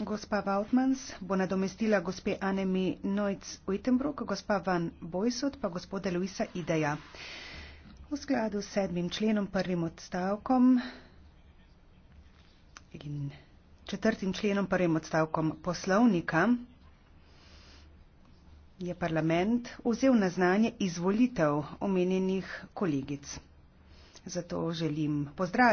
Gospa Vautmans bo nadomestila gospe Anemi Neutz-Uitenbrook, gospa Van Boysot pa gospoda Luisa Ideja. V skladu s sedmim členom, prvim odstavkom in četrtim členom, prvim odstavkom poslovnika je parlament vzel na znanje izvolitev omenjenih kolegic. Zato želim pozdraviti.